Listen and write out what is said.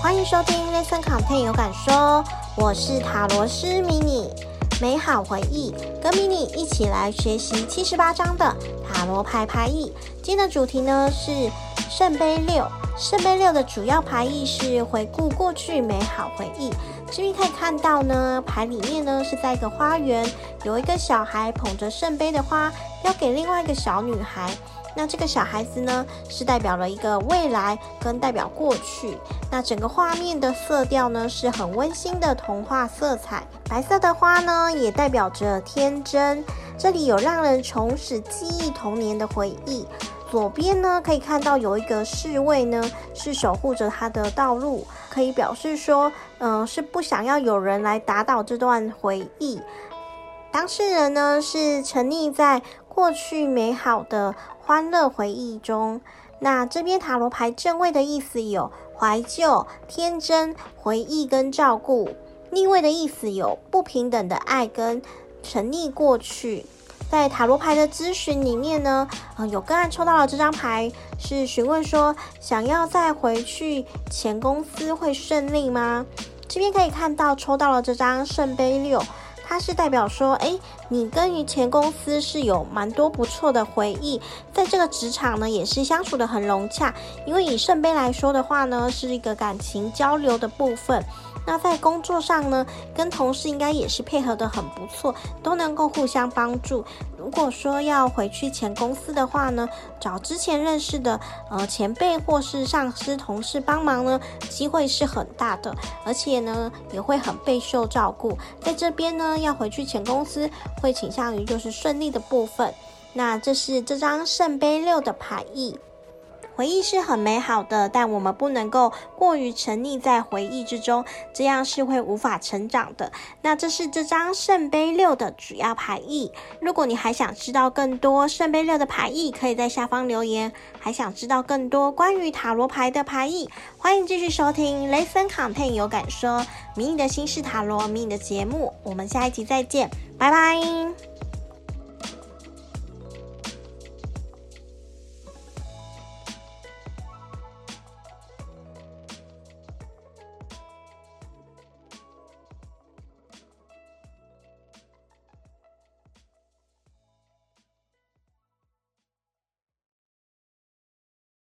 歡迎收聽《Listen Content 有感說》，我是塔羅師迷你，美好回憶，跟迷你一起來學習七十八張的塔羅牌牌意。今天的主題呢是聖杯六，聖杯六的主要牌意是回顧過去美好回憶。這邊可以看到呢，牌裡面呢是在一個花園，有一個小孩捧着聖杯的花，要給另外一個小女孩。那這個小孩子呢，是代表了一個未來，跟代表過去。那整個畫面的色調呢，是很溫馨的童話色彩。白色的花呢，也代表着天真。這裡有讓人重拾記憶童年的回憶。左邊呢，可以看到有一個侍衛呢，是守護着他的道路，可以表示說，嗯、呃，是不想要有人來打倒這段回憶。當事人呢，是沉溺在。過去美好的歡樂回憶中，那這邊塔羅牌正位的意思有懷舊、天真、回憶跟照顧；逆位的意思有不平等的愛跟沉溺過去。在塔羅牌的諮詢裡面呢，有個案抽到了這張牌，是詢問說想要再回去前公司會順利嗎？這邊可以看到抽到了這張聖杯六。它是代表說，哎，你跟以前公司是有蠻多不錯的回憶，在這個職場呢，也是相處得很融洽。因為以聖杯來說的話呢，是一個感情交流的部分。那在工作上呢，跟同事應該也是配合得很不錯，都能夠互相幫助。如果說要回去前公司的話呢，找之前認識的呃前輩或是上司、同事幫忙呢，機會是很大的，而且呢也會很備受照顧。在這邊呢，要回去前公司會傾向於就是順利的部分。那這是這張聖杯六的牌意。回憶是很美好的，但我們不能夠過於沉溺在回憶之中，這樣是會無法成長的。那這是這張聖杯六的主要牌意。如果你還想知道更多聖杯六的牌意，可以在下方留言。還想知道更多關於塔羅牌的牌意，歡迎繼續收聽 ListenContent 有感說迷你的新式塔羅迷你的節目。我們下一集再見，拜拜。